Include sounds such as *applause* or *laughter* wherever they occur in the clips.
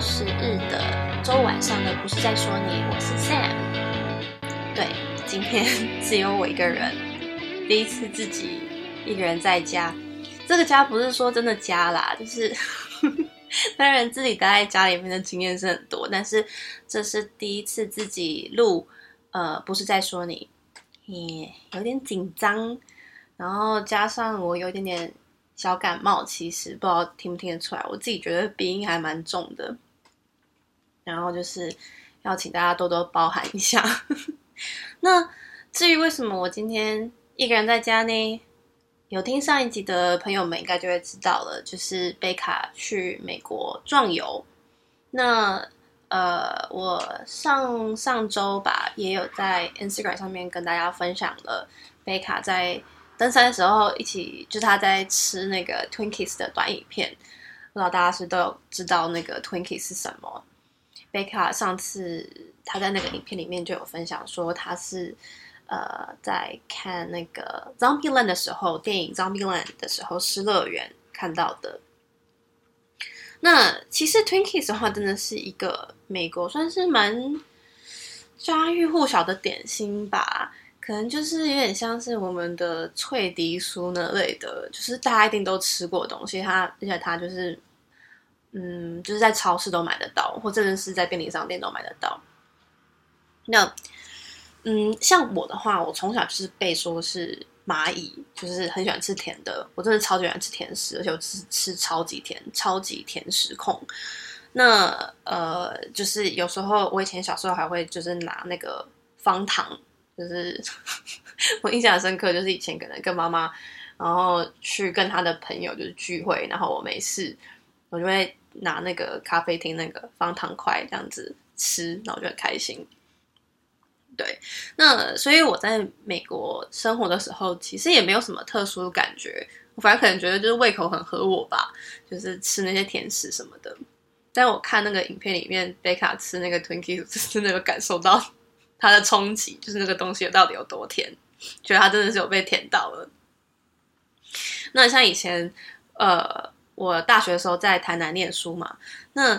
是日的週晚上的，不是在說你，我是 Sam。對，今天只有我一個人，第一次自己一個人在家。這個家不是說真的家啦，就是當然 *laughs* 自己待在家裡面的經驗是很多，但是這是第一次自己錄，呃，不是在說你，你、yeah, 有點緊張，然後加上我有一點點小感冒，其實不知道聽不聽得出來，我自己覺得鼻音還蠻重的。然後就是要請大家多多包涵一下。 *laughs* 那至於為什麼我今天一個人在家呢？有聽上一集的朋友們應該就會知道了，就是貝卡去美國壯遊。那呃，我上上周吧也有在 Instagram 上面跟大家分享了貝卡在登山的時候一起，就是他在吃那個 Twinkies 的短影片。不知道大家是不是都有知道那個 Twinkies 是什麼？貝卡上次他在那個影片裡面就有分享說，他是呃在看那個《Zombie Land》的時候，電影《Zombie Land》的時候，《失樂園》看到的。那其實 Twinkies 的話，真的是一個美國算是蠻家喻戶曉的點心吧，可能就是有點像是我們的脆迪酥那類的，就是大家一定都吃過的東西。它而且它就是。嗯，就是在超市都買得到，或真的是在便利商店都買得到。那，嗯，像我的話，我從小就是被說是螞蟻，就是很喜歡吃甜的。我真的超級喜歡吃甜食，而且我吃吃超級甜，超級甜食控。那呃，就是有時候我以前小時候還會就是拿那個方糖，就是 *laughs* 我印象深刻，就是以前可能跟媽媽，然後去跟她的朋友就是聚會，然後我沒事，我就會。拿那個咖啡廳那個方糖塊這樣子吃，然後我就很開心。對，那所以我在美國生活的時候，其實也沒有什麼特殊的感覺，我反而可能覺得就是胃口很合我吧，就是吃那些甜食什麼的。但我看那個影片裡面貝卡 *laughs* 吃那個 Twinkie，真的有感受到它的衝擊，就是那個東西到底有多甜，覺得他真的是有被甜到了。那像以前，呃。我大學的時候在台南念書嘛，那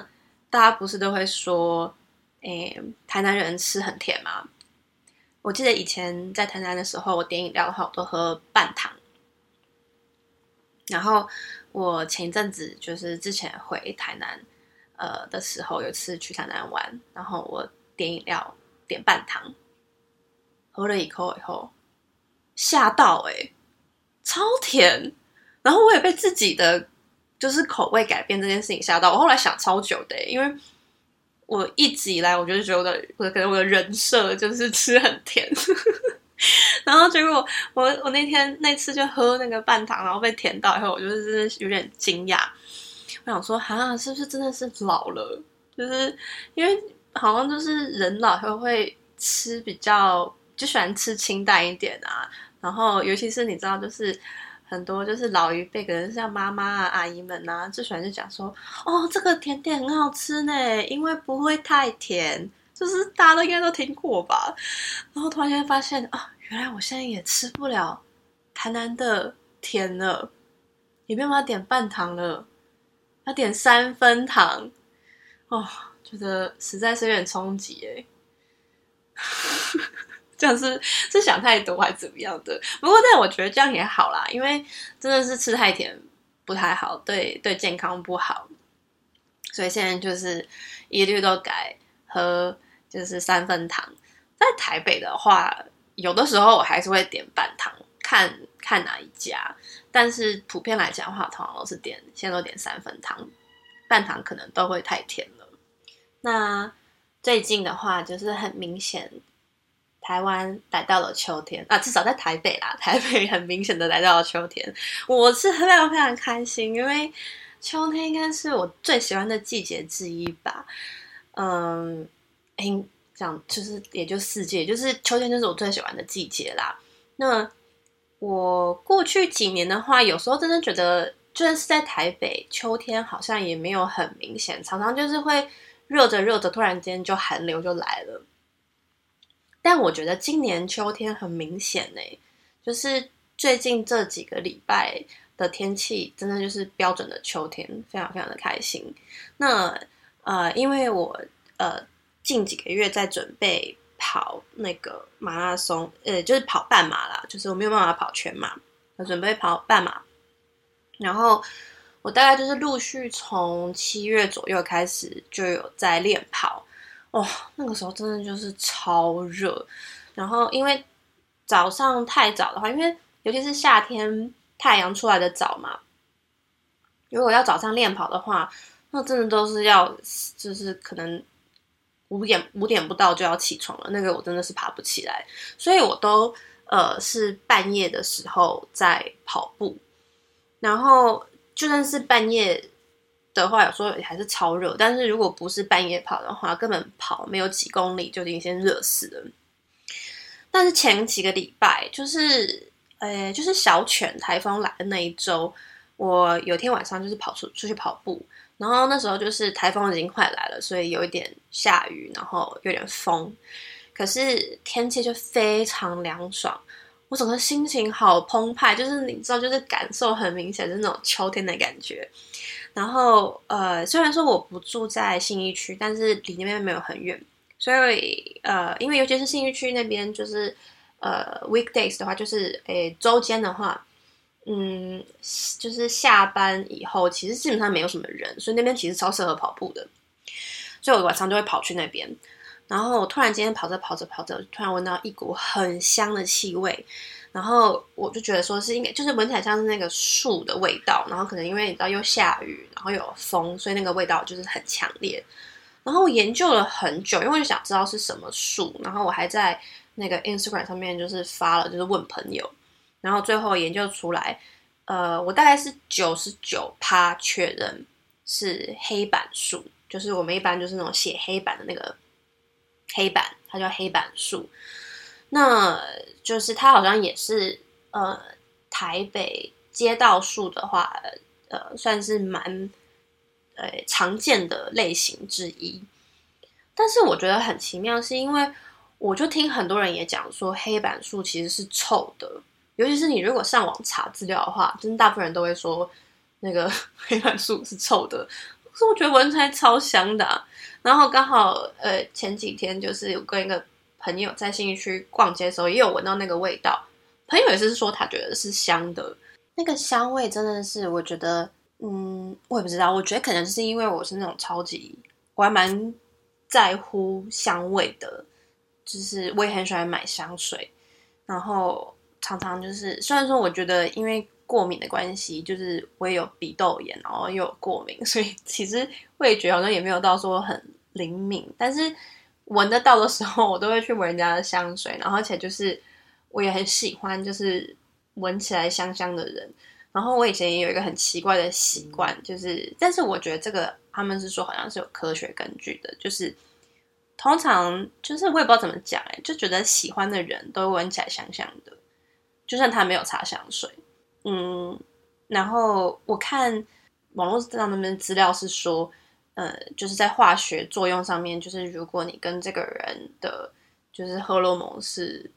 大家不是都會說，欸，台南人吃很甜嗎？我記得以前在台南的時候，我點飲料的話，我都喝半糖。然後我前一陣子就是之前回台南，呃的時候，有一次去台南玩，然後我點飲料點半糖，喝了一口以後，嚇到欸，超甜，然後我也被自己的。就是口味改變這件事情嚇到我，我後來想超久的，欸，因為我一直以來我就是覺得，我可能我的人設就是吃很甜， *laughs* 然後結果我我那天那次就喝那個半糖，然後被甜到以後，然後我就是有點驚訝，我想說，好像是不是真的是老了？就是因為好像就是人老就會吃比較就喜歡吃清淡一點啊，然後尤其是你知道就是。很多就是老一輩，可能像媽媽啊、阿姨們啊，最喜歡就講說：“哦，這個甜點很好吃呢，因為不會太甜。”就是大家都應該都聽過吧。然後突然間發現啊，原來我現在也吃不了台南的甜了，也沒有辦法點半糖了，要點三分糖。哇，覺得實在是有點衝擊哎。 *laughs* 這樣是是想太多還是怎麼樣的？不過但我覺得這樣也好啦，因為真的是吃太甜不太好，對對健康不好。所以現在就是一律都改喝，就是三分糖。在台北的話，有的時候我還是會點半糖，看看哪一家。但是普遍來講的話，通常都是點現在都點三分糖，半糖可能都會太甜了。那最近的話，就是很明顯。台灣來到了秋天啊，至少在台北啦，台北很明顯的來到了秋天，我是非常非常開心，因為秋天應該是我最喜歡的季節之一吧。嗯，欸、講、就是也就四季，就是秋天就是我最喜歡的季節啦。那我過去幾年的話，有時候真的覺得，就算是在台北，秋天好像也沒有很明顯，常常就是會熱着熱着，突然間就寒流就來了。但我覺得今年秋天很明顯呢、欸，就是最近這幾個禮拜的天氣，真的就是標準的秋天，非常非常的開心。那呃，因為我呃近幾個月在準備跑那個馬拉松，呃、欸，就是跑半馬啦，就是我沒有辦法跑全馬，我準備跑半馬。然後我大概就是陸續從七月左右開始就有在練跑。哇、哦，那個時候真的就是超熱，然後因為早上太早的話，因為尤其是夏天太陽出來的早嘛，如果要早上練跑的話，那真的都是要就是可能五點五點不到就要起床了，那個我真的是爬不起來，所以我都呃是半夜的時候在跑步，然後就算是半夜。的話，有時候也還是超熱，但是如果不是半夜跑的話，根本跑沒有幾公里就已經先熱死了。但是前幾個禮拜，就是呃、欸，就是小犬台風來的那一周，我有天晚上就是跑出出去跑步，然後那時候就是台風已經快來了，所以有一點下雨，然後有點風，可是天氣就非常涼爽，我整個心情好澎湃，就是你知道，就是感受很明顯，就是那種秋天的感覺。然後，呃，雖然說我不住在信義區，但是離那邊沒有很遠，所以，呃，因為尤其是信義區那邊，就是，呃，weekdays 的話，就是，誒，週間的話，嗯，就是下班以後，其實基本上沒有什麼人，所以那邊其實超適合跑步的，所以我晚上就會跑去那邊。然後我突然間跑着跑着跑着，突然聞到一股很香的氣味。然後我就覺得說，是應該就是聞起來像是那個樹的味道，然後可能因為你知道又下雨，然後有風，所以那個味道就是很強烈。然後我研究了很久，因為我就想知道是什麼樹。然後我還在那個 Instagram 上面就是發了，就是問朋友。然後最後研究出來，呃，我大概是九十九趴確認是黑板樹，就是我們一般就是那種寫黑板的那個黑板，它叫黑板樹。那就是它好像也是呃，台北街道樹的話，呃，算是蠻呃常見的類型之一。但是我覺得很奇妙，是因為我就聽很多人也講說，黑板樹其實是臭的。尤其是你如果上網查資料的話，就是大部分人都會說那個黑板樹是臭的。可是我覺得聞起來超香的啊。然後剛好呃前幾天就是有跟一個。朋友在信義區逛街的時候，也有聞到那個味道。朋友也是說，他覺得是香的。那個香味真的是，我覺得，嗯，我也不知道。我覺得可能是因為我是那種超級，我還蠻在乎香味的。就是我也很喜歡買香水，然後常常就是，雖然說我覺得因為過敏的關係，就是我也有鼻竇炎，然後又有過敏，所以其實味覺好像也沒有到說很靈敏，但是。聞得到的時候，我都會去聞人家的香水，然後而且就是我也很喜歡，就是聞起來香香的人。然後我以前也有一個很奇怪的習慣，就是，但是我覺得這個他們是說好像是有科學根據的，就是通常就是我也不知道怎麼講，哎，就覺得喜歡的人都聞起來香香的，就算他沒有擦香水，嗯。然後我看網絡上那邊資料是說。呃、嗯，就是在化學作用上面，就是如果你跟這個人的就是荷洛蒙是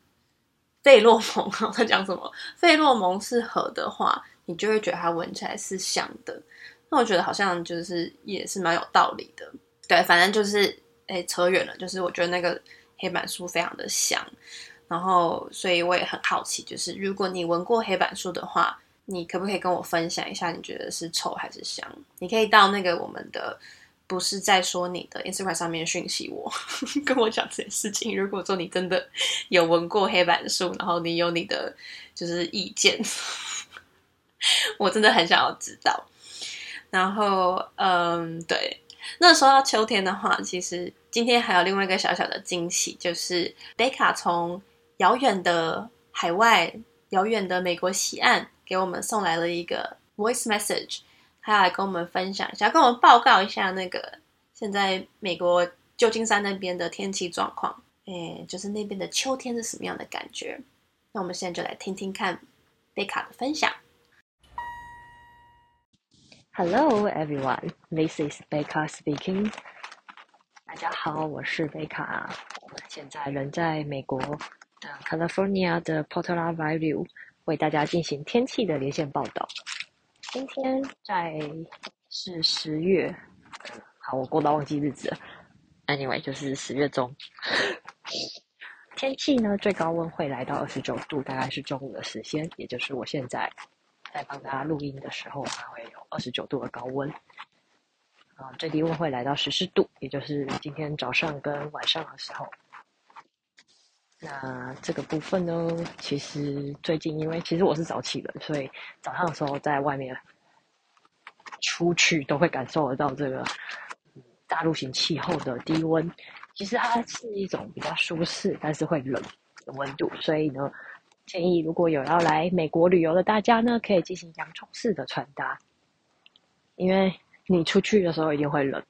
費洛蒙，他在講什麼？費洛蒙是合的話，你就會覺得它聞起來是香的。那我覺得好像就是也是蠻有道理的。對，反正就是誒、欸，扯遠了。就是我覺得那個黑板樹非常的香，然後所以我也很好奇，就是如果你聞過黑板樹的話，你可不可以跟我分享一下？你覺得是臭還是香？你可以到那個我們的。不是在說你的 Instagram 上面訊息我，我 *laughs* 跟我講這件事情。如果說你真的有聞過黑板樹，然後你有你的就是意見， *laughs* 我真的很想要知道。然後，嗯，對，那說到秋天的話，其實今天還有另外一個小小的驚喜，就是貝卡從遙遠的海外、遙遠的美國西岸給我們送來了一個 voice message。還要來跟我們分享一下，跟我們報告一下那個現在美國舊金山那邊的天氣狀況。哎，就是那邊的秋天是什麼樣的感覺？那我們現在就來聽聽看貝卡的分享。Hello everyone, this is Becca speaking. 大家好，我是貝卡。我們現在人在美國的 California 的 Portola Valley，為大家進行天氣的連線報道。今天在是十月，好，我過到忘記日子了。Anyway，就是十月中， *laughs* 天氣呢，最高溫會來到二十九度，大概是中午的時間，也就是我現在在幫大家錄音的時候，他會有二十九度的高溫。啊，最低溫會來到十四度，也就是今天早上跟晚上的時候。那這個部分呢，其實最近因為其實我是早起的，所以早上的時候在外面出去都會感受得到這個大陸型氣候的低溫。其實它是一種比較舒適但是會冷的溫度，所以呢，建議如果有要來美國旅遊的大家呢，可以進行洋蔥式的穿搭，因為你出去的時候一定會冷。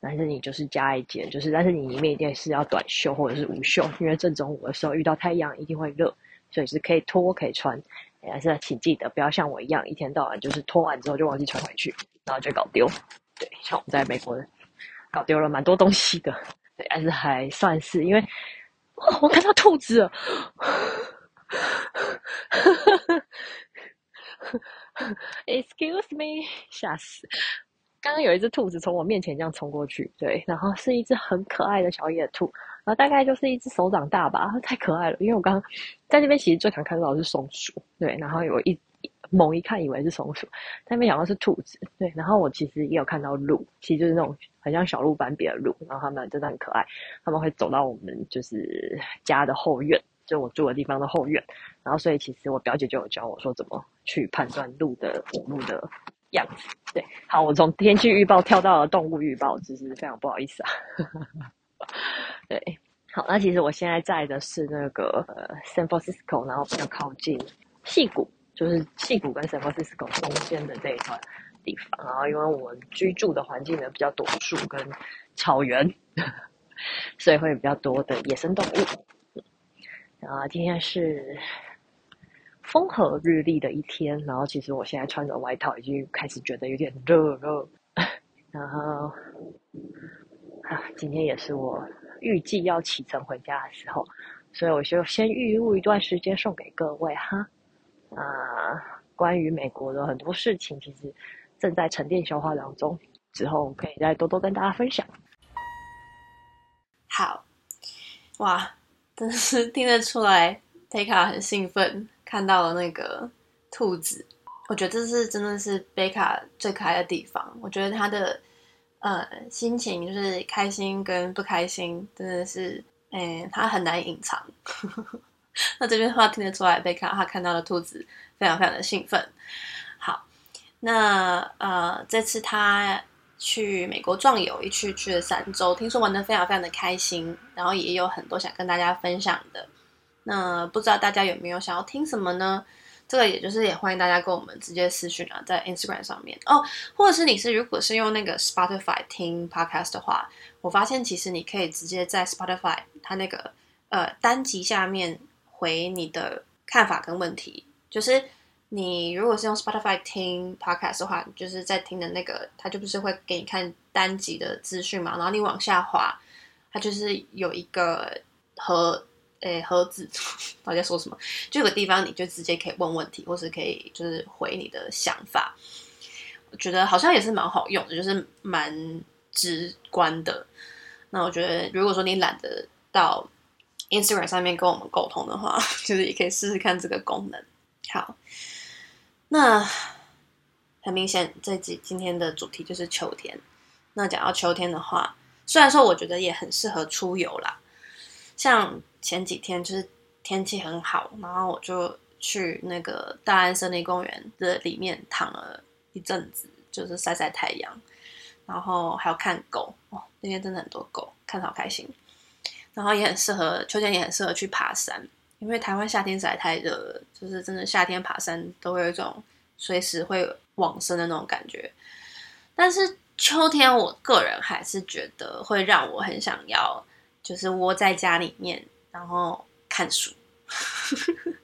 但是你就是加一件，就是但是你裡面一定是要短袖或者是無袖，因為正中午的時候遇到太陽一定會熱，所以是可以脫可以穿，但是請記得不要像我一樣一天到晚就是脫完之後就忘記穿回去，然後就搞丟。對，像我們在美國人搞丟了蠻多東西的，對，但是還算是因為、哦，我看到兔子了 *laughs* ，excuse me，嚇死！剛剛有一隻兔子從我面前這樣衝過去，對，然後是一隻很可愛的小野兔，然後大概就是一隻手掌大吧，太可愛了。因為我剛剛在那邊其實最常看到的是松鼠，對，然後有一猛一看以為是松鼠，但沒想到是兔子，對。然後我其實也有看到鹿，其實就是那種很像小鹿斑比的鹿，然後它們真的很可愛，他們會走到我們就是家的後院，就我住的地方的後院，然後所以其實我表姐就有教我說怎麼去判斷鹿的五鹿，鹿的。樣子對，好，我從天氣預報跳到了動物預報，其、就是非常不好意思啊呵呵。對，好，那其實我現在在的是那個、呃、San Francisco，然後比較靠近矽谷，就是矽谷跟 San Francisco 中間的這一塊地方。然後，因為我居住的環境呢比較多樹跟草原，所以會比較多的野生動物。嗯、然後，今天是風和日麗的一天，然後其實我現在穿着外套已經開始覺得有點熱了。然後，啊，今天也是我預計要啟程回家的時候，所以我就先預錄一段時間送給各位哈。啊，關於美國的很多事情，其實正在沉澱消化當中，之後可以再多多跟大家分享。好，哇，真是聽得出來，貝卡很興奮。看到了那個兔子，我覺得這是真的是貝卡最可愛的地方。我覺得他的呃心情就是開心跟不開心，真的是，嗯、欸，他很難隱藏。 *laughs* 那這句話聽得出來，貝卡他看到了兔子，非常非常的興奮。好，那呃這次他去美國壯遊，一去去了三周，聽說玩的非常的非常的開心，然後也有很多想跟大家分享的。那、嗯、不知道大家有沒有想要聽什麼呢？這個也就是也歡迎大家跟我們直接私訊啊，在 Instagram 上面哦，oh, 或者是你是如果是用那個 Spotify 聽 Podcast 的話，我發現其實你可以直接在 Spotify 它那個呃單集下面回你的看法跟問題。就是你如果是用 Spotify 聽 Podcast 的話，就是在聽的那個它就不是會給你看單集的資訊嘛，然後你往下滑，它就是有一個和。誒、欸，盒子，大家說什麼？就有個地方你就直接可以問問題，或是可以就是回你的想法。我覺得好像也是蠻好用的，就是蠻直觀的。那我覺得，如果說你懶得到 Instagram 上面跟我們溝通的話，就是也可以試試看這個功能。好，那很明顯，這一集，今天的主題就是秋天。那講到秋天的話，雖然說我覺得也很適合出遊啦。像前幾天就是天氣很好，然後我就去那個大安森林公園的裡面躺了一陣子，就是曬曬太陽，然後還有看狗，哦，那天真的很多狗，看的好開心。然後也很適合秋天，也很適合去爬山，因為台灣夏天實在太熱了，就是真的夏天爬山都會有一種隨時會往生的那種感覺。但是秋天，我個人還是覺得會讓我很想要。就是窩在家裡面，然後看書。 *laughs*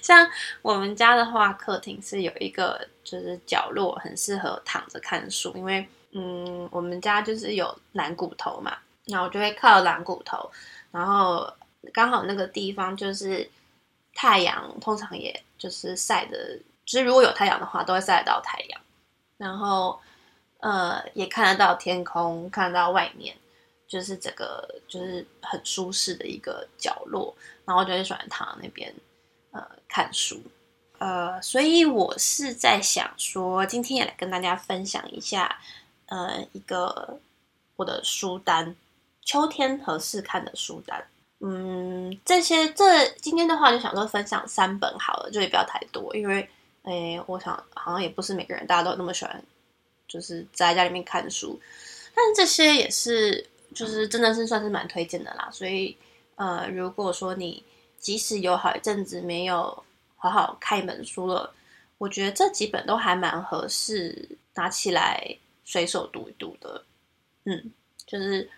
像我們家的話，客廳是有一個就是角落，很適合躺着看書。因為，嗯，我們家就是有懶骨頭嘛，那我就會靠懶骨頭，然後剛好那個地方就是太陽，通常也就是曬的，就是如果有太陽的話，都會曬得到太陽，然後呃，也看得到天空，看得到外面。就是整個就是很舒適的一個角落，然後我就很喜歡躺在那邊，呃，看書，呃，所以我是在想說，今天也來跟大家分享一下，呃，一個我的書單，秋天合適看的書單。嗯，這些這今天的話就想說分享三本好了，就也不要太多，因為，哎，我想好像也不是每個人大家都那麼喜歡，就是在家裡面看書，但是這些也是。就是真的是算是蠻推薦的啦，所以呃，如果說你即使有好一陣子沒有好好看一本書了，我覺得這幾本都還蠻合適拿起來隨手讀一讀的，嗯，就是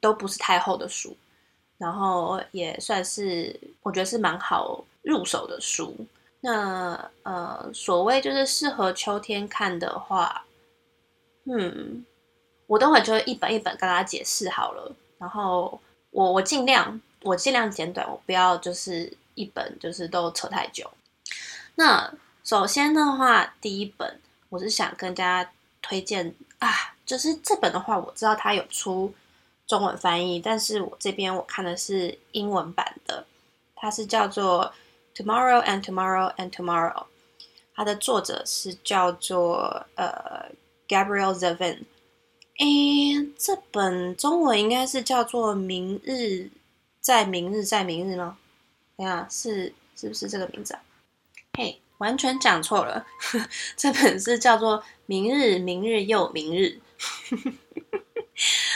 都不是太厚的書，然後也算是我覺得是蠻好入手的書。那呃，所謂就是適合秋天看的話，嗯。我等會就一本一本跟大家解釋好了。然後我我盡量我盡量簡短，我不要就是一本就是都扯太久。那首先的話，第一本我是想跟大家推薦啊，就是這本的話，我知道它有出中文翻譯，但是我這邊我看的是英文版的，它是叫做《Tomorrow and Tomorrow and Tomorrow》，它的作者是叫做呃 Gabrielle Zevin。哎，這本中文應該是叫做《明日再明日再明日》嗎？對呀，是是不是這個名字、啊？嘿、hey,，完全講錯了。 *laughs* 這本是叫做《明日明日又明日。》 *laughs*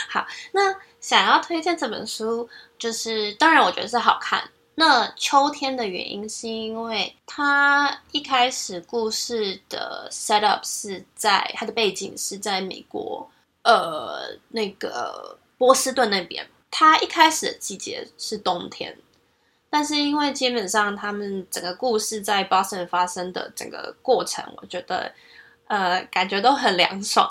好，那想要推薦這本書，就是當然我覺得是好看。那秋天的原因是因為它一開始故事的 set up 是在它的背景是在美國。呃，那個波士頓那邊，它一開始的季節是冬天，但是因為基本上他們整個故事在 Boston 發生的整個過程，我覺得呃，感覺都很涼爽，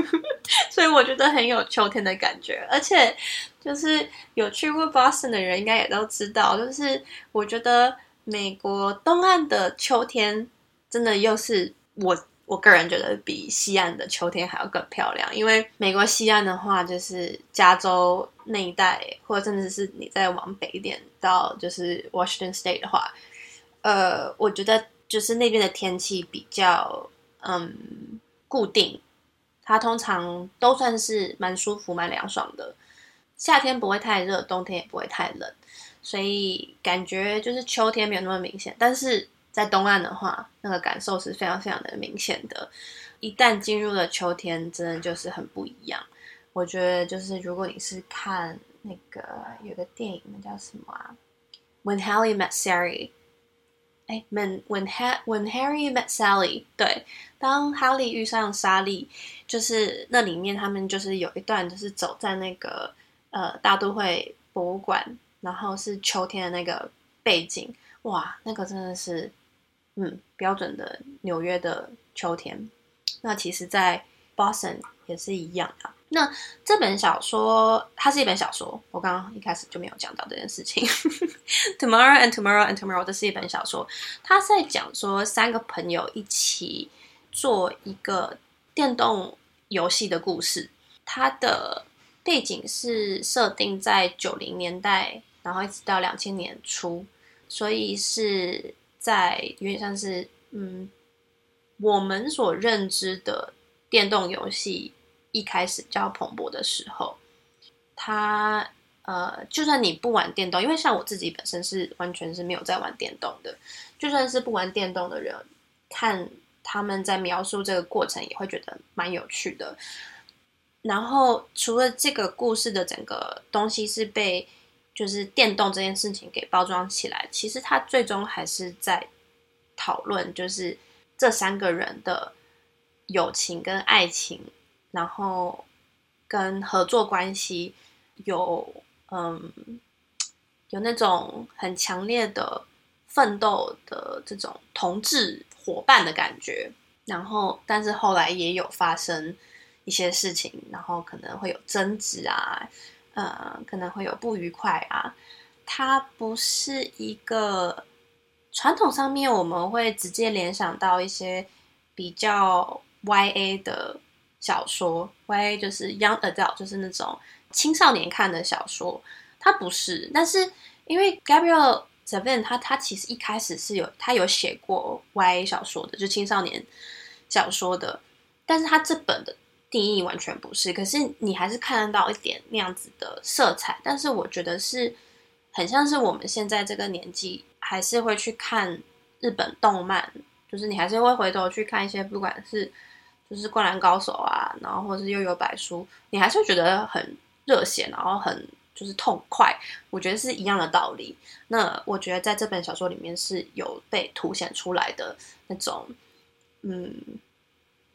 *laughs* 所以我覺得很有秋天的感覺。而且，就是有去過 Boston 的人應該也都知道，就是我覺得美國東岸的秋天真的又是我。我個人覺得比西岸的秋天還要更漂亮，因為美國西岸的話，就是加州那一帶，或甚至是你再往北一點到就是 Washington State 的話，呃，我覺得就是那邊的天氣比較嗯，固定，它通常都算是蠻舒服、蠻涼爽的，夏天不會太熱，冬天也不會太冷，所以感覺就是秋天沒有那麼明顯，但是，在東岸的話，那個感受是非常非常的明顯的。一旦進入了秋天，真的就是很不一樣。我覺得就是如果你是看那個有個電影，那叫什麼啊？When… 欸，When ha…When Harry Met Sally。哎，When When Harry When Harry Met Sally。對，當哈利遇上莎莉，就是那裡面他們就是有一段，就是走在那個、呃、大都會博物館，然後是秋天的那個背景，哇，那個真的是。嗯，標準的紐約的秋天。那其實，在 Boston 也是一樣啊。那這本小說，它是一本小說。我剛剛一開始就沒有講到這件事情， *laughs* 《Tomorrow and Tomorrow and Tomorrow》，這是一本小說。它在講說三個朋友一起做一個電動遊戲的故事。它的背景是設定在九零年代，然後一直到兩千年初，所以是。在有點像是，嗯，我們所認知的電動遊戲一開始較蓬勃的時候，他呃，就算你不玩電動，因為像我自己本身是完全是沒有在玩電動的，就算是不玩電動的人，看他們在描述這個過程，也會覺得蠻有趣的。然後除了這個故事的整個東西是被。就是電動這件事情給包裝起來，其實他最終還是在討論，就是這三個人的友情跟愛情，然後跟合作關係有嗯，有那種很強烈的奮鬥的這種同志夥伴的感覺，然後但是後來也有發生一些事情，然後可能會有爭執啊。呃、嗯，可能會有不愉快啊。它不是一個傳統上面，我們會直接聯想到一些比較 YA 的小說，YA 就是 Young Adult，就是那種青少年看的小說。它不是，但是因為 Gabriel Zevin，他他其實一開始是有他有寫過 YA 小說的，就青少年小說的，但是他這本的。定義完全不是，可是你還是看得到一點那樣子的色彩。但是我覺得是很像是我們現在這個年紀，還是會去看日本動漫，就是你還是會回頭去看一些，不管是就是灌籃高手啊，然後或者是幽遊白書，你還是會覺得很熱血，然後很就是痛快。我覺得是一樣的道理。那我覺得在這本小說裡面是有被凸顯出來的那種，嗯，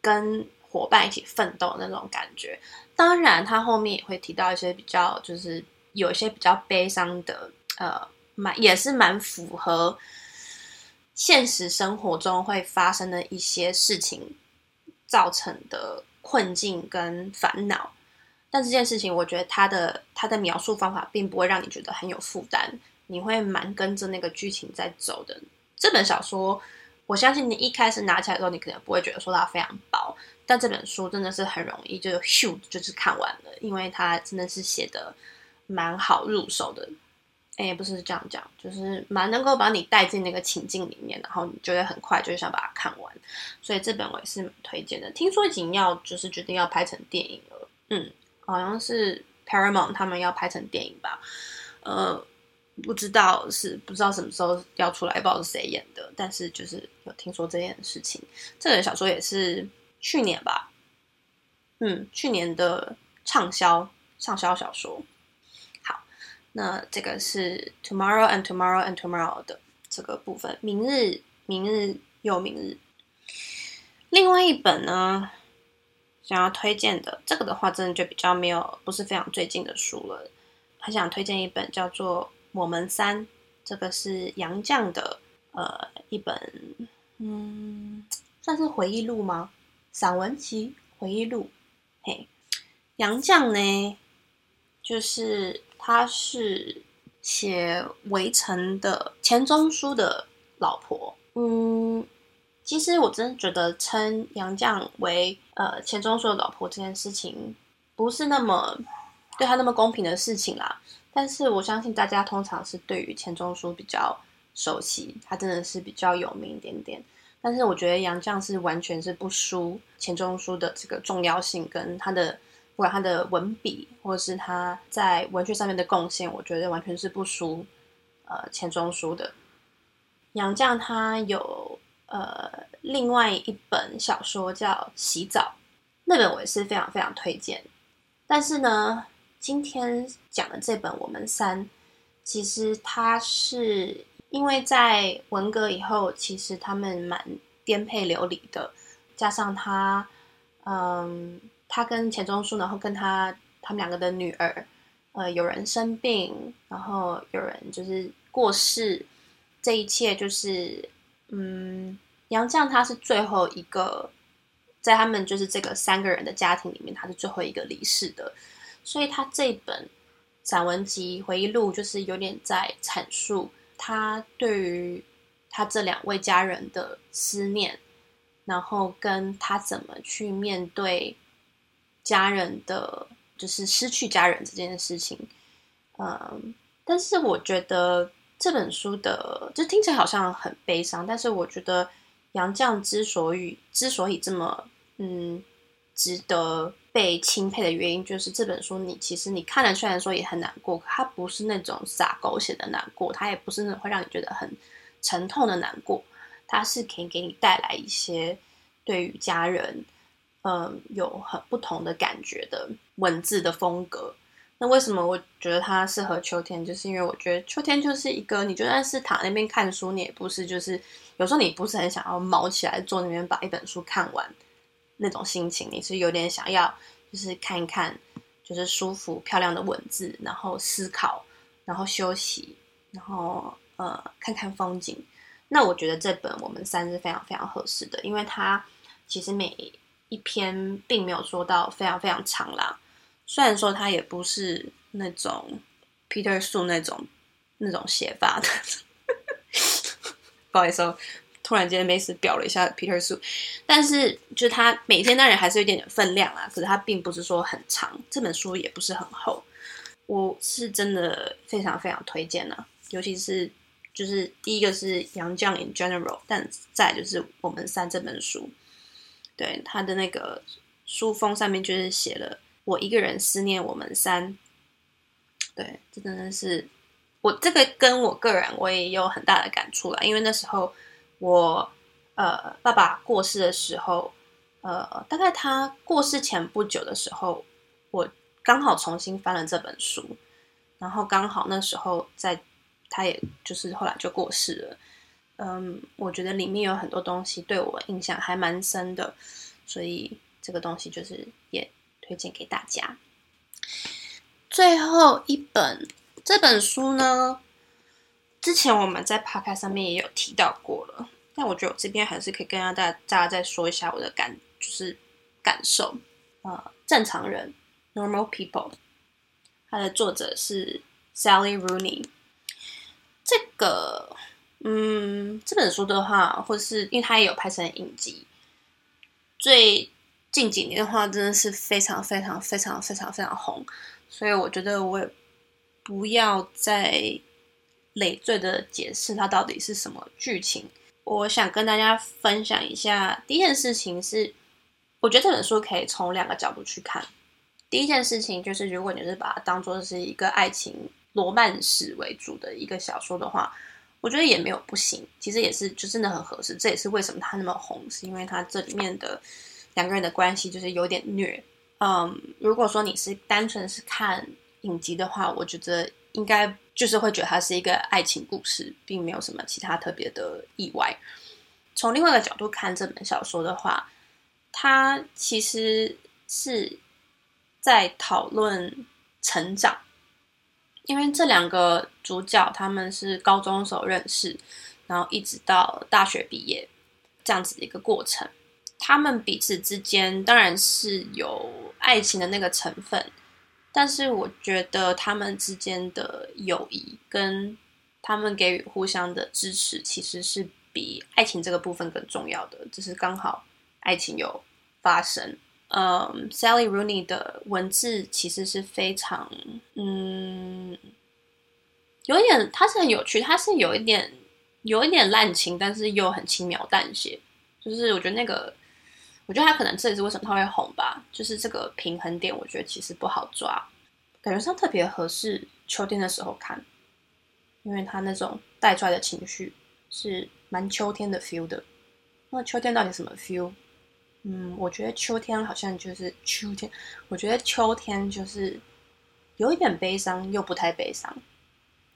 跟。夥伴一起奮鬥的那種感覺，當然他後面也會提到一些比較，就是有一些比較悲傷的，呃，蠻也是蠻符合現實生活中會發生的一些事情造成的困境跟煩惱。但這件事情，我覺得他的他的描述方法並不會讓你覺得很有負擔，你會蠻跟着那個劇情在走的。這本小說，我相信你一開始拿起來的時候，你可能不會覺得說它非常薄。但這本書真的是很容易就咻就是看完了，因為它真的是寫的蠻好入手的。哎、欸，不是這樣講，就是蠻能夠把你帶進那個情境裡面，然後你覺得很快就想把它看完。所以這本我也是推薦的。聽說已經要就是決定要拍成電影了，嗯，好像是 Paramount 他們要拍成電影吧？呃，不知道是不知道什麼時候要出來，不知道是誰演的，但是就是有聽說這件事情。這本、個、小說也是。去年吧，嗯，去年的暢銷暢銷小說。好，那這個是《Tomorrow and Tomorrow and Tomorrow》的這個部分，明日，明日，又明日。另外一本呢，想要推薦的這個的話，真的就比較沒有，不是非常最近的書了。很想推薦一本叫做《我們仨》，這個是楊絳的，呃，一本，嗯，算是回憶錄嗎？散文集、回憶錄，嘿，楊絳呢，就是她是寫《圍城》的錢鍾書的老婆。嗯，其實我真的覺得稱楊絳為呃錢鍾書的老婆這件事情，不是那麼對他那麼公平的事情啦。但是我相信大家通常是對於錢鍾書比較熟悉，他真的是比較有名一點點。但是我覺得楊絳是完全是不輸錢鍾書的這個重要性，跟他的不管他的文筆，或是他在文學上面的貢獻，我覺得完全是不輸錢鍾書的。楊絳他有呃另外一本小說叫《洗澡》，那本我也是非常非常推薦。但是呢，今天講的這本《我們仨》，其實它是。因為在文革以後，其實他們蠻顛沛流離的，加上他，嗯，他跟錢鍾書，然後跟他他們兩個的女兒，呃，有人生病，然後有人就是過世，這一切就是，嗯，楊絳他是最後一個，在他們就是這個三個人的家庭裡面，他是最後一個離世的，所以他這本散文集回憶錄就是有點在闡述。他對於他這兩位家人的思念，然後跟他怎麼去面對家人的就是失去家人這件事情，嗯，但是我覺得這本書的就聽起來好像很悲傷，但是我覺得楊絳之所以之所以這麼嗯。值得被欽佩的原因就是這本書，你其實你看了，雖然說也很難過，它不是那種撒狗血的難過，它也不是那種會讓你覺得很沉痛的難過，它是可以給你帶來一些對於家人，嗯、呃，有很不同的感覺的文字的風格。那為什麼我覺得它適合秋天，就是因為我覺得秋天就是一個，你就算是躺那邊看書，你也不是，就是有時候你不是很想要毛起來坐那邊把一本書看完。那種心情，你是有點想要，就是看一看，就是舒服漂亮的文字，然後思考，然後休息，然後呃看看風景。那我覺得這本我們仨，是非常非常合適的，因為它其實每一篇並沒有說到非常非常長啦。雖然說它也不是那種 Peter Su 那種那種寫法的。 *laughs* 不好意思。突然間沒 a 表了一下 Peter 書，但是就是他每天當然還是有點點分量啊。可是他並不是說很長，這本書也不是很厚。我是真的非常非常推薦的，尤其是就是第一個是楊絳 in general，但再就是我們三這本書，對，他的那個書封上面就是寫了“我一個人思念我們三”，對，這真的是我這個跟我個人我也有很大的感觸了，因為那時候。我，呃，爸爸過世的時候，呃，大概他過世前不久的時候，我剛好重新翻了這本書，然後剛好那時候在，他也就是後來就過世了，嗯，我覺得裡面有很多東西對我印象還蠻深的，所以這個東西就是也推薦給大家。最後一本，這本書呢。之前我們在 podcast 上面也有提到過了，但我覺得我這邊還是可以跟大家大家再說一下我的感就是感受。啊、呃，正常人 （Normal People） 它的作者是 Sally Rooney。這個，嗯，這本書的話，或是因為它也有拍成影集，最近幾年的話，真的是非常非常非常非常非常非常紅。所以我覺得我也不要再。累贅的解釋，它到底是什麼劇情？我想跟大家分享一下。第一件事情是，我覺得這本書可以從兩個角度去看。第一件事情就是，如果你是把它當做是一個愛情羅曼史為主的一個小說的話，我覺得也沒有不行。其實也是，就是、真的很合適。這也是為什麼它那麼紅，是因為它這裡面的兩個人的關係就是有點虐。嗯，如果說你是單純是看影集的話，我覺得。應該就是會覺得它是一個愛情故事，並沒有什麼其他特別的意外。從另外一個角度看這本小說的話，它其實是在討論成長，因為這兩個主角他們是高中時候認識，然後一直到大學畢業這樣子的一個過程，他們彼此之間當然是有愛情的那個成分。但是我覺得他們之間的友誼跟他們給予互相的支持，其實是比愛情這個部分更重要的。就是剛好愛情有發生。嗯，um，Sally Rooney 的文字其實是非常嗯，有一點，它是很有趣，它是有一點有一點濫情，但是又很輕描淡寫。就是我覺得那個。我覺得他可能這也是為什麼他會紅吧，就是這個平衡點，我覺得其實不好抓，感覺上特別合適秋天的時候看，因為他那種帶出來的情緒是蠻秋天的 feel 的。那秋天到底什麼 feel？嗯，我覺得秋天好像就是秋天，我覺得秋天就是有一點悲傷又不太悲傷，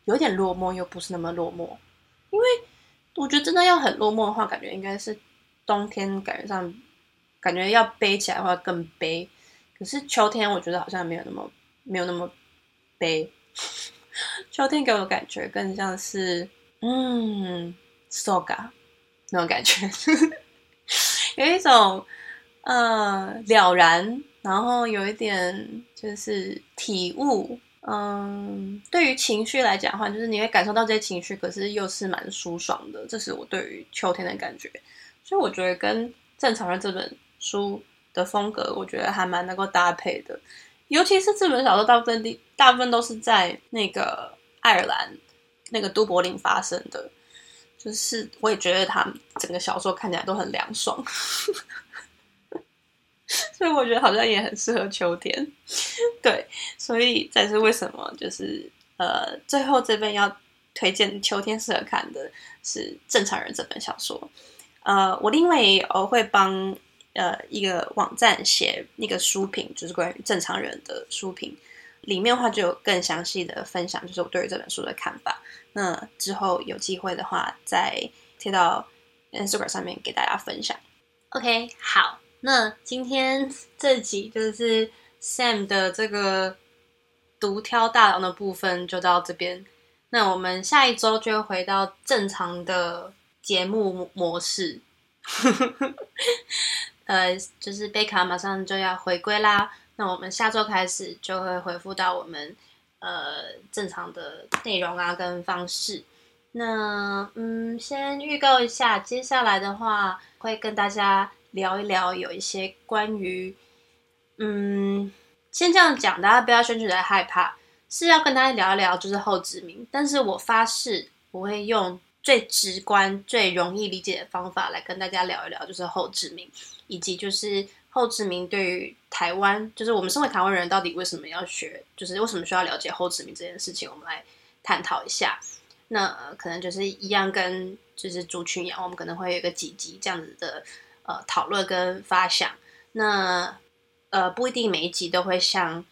有一點落寞又不是那麼落寞，因為我覺得真的要很落寞的話，感覺應該是冬天，感覺上。感覺要悲起來的話更悲，可是秋天我覺得好像沒有那麼沒有那麼悲。秋天給我的感覺更像是嗯，soga 那種感覺， *laughs* 有一種呃了然，然後有一點就是體悟。嗯、呃，對於情緒來講的話，就是你會感受到這些情緒，可是又是蠻舒爽的。這是我對於秋天的感覺，所以我覺得跟正常的這本。書的風格，我覺得還蠻能夠搭配的，尤其是這本小說大部分，大部分都是在那個愛爾蘭那個都柏林發生的，就是我也覺得它整個小說看起來都很涼爽， *laughs* 所以我覺得好像也很適合秋天。對，所以這是為什麼？就是呃，最後這邊要推薦秋天適合看的是《正常人》這本小說。呃，我另外也有我會幫。呃，一個網站寫一個書評，就是關於正常人的書評，裡面的話就有更詳細的分享，就是我對於這本書的看法。那之後有機會的話，再貼到 Instagram 上面給大家分享。OK，好，那今天這集就是 Sam 的這個獨挑大梁的部分就到這邊，那我們下一周就會回到正常的節目模式。 *laughs* 呃，就是貝卡馬上就要回歸啦。那我們下周開始就會恢復到我們呃正常的內容啊，跟方式。那嗯，先預告一下，接下來的話會跟大家聊一聊，有一些關於嗯，先這樣講，大家不要先覺得害怕，是要跟大家聊一聊，就是後殖民。但是我發誓，我會用最直觀、最容易理解的方法來跟大家聊一聊，就是後殖民。以及就是後殖民對於台灣，就是我們身為台灣人，到底為什麼要學，就是為什麼需要了解後殖民這件事情，我們來探討一下。那，呃，可能就是一樣跟就是族群一樣，我們可能會有一個幾集這樣子的呃討論跟發想。那呃不一定每一集都會像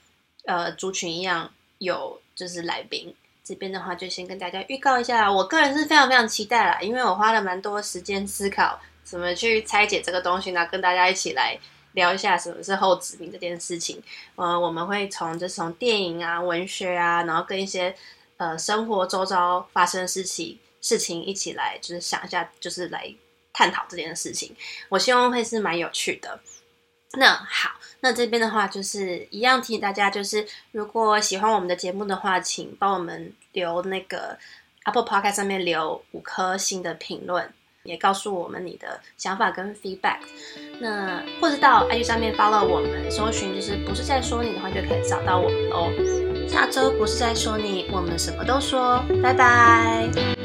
呃族群一樣有就是來賓。這邊的話就先跟大家預告一下，我個人是非常非常期待啦，因為我花了蠻多時間思考。怎麼去拆解這個東西呢？然後跟大家一起來聊一下什麼是後殖民這件事情。嗯、呃，我們會從就是從電影啊、文學啊，然後跟一些呃生活周遭發生的事情事情一起來，就是想一下，就是來探討這件事情。我希望會是蠻有趣的。那好，那這邊的話就是一樣提醒大家，就是如果喜歡我們的節目的話，請幫我們留那個 Apple Podcast 上面，留五顆星的評論。也告訴我們你的想法跟 feedback，那或者到 IG 上面 follow 我們，搜尋就是不是在說你的話就可以找到我們嘍。下周不是在說你，我們什麼都說，拜拜。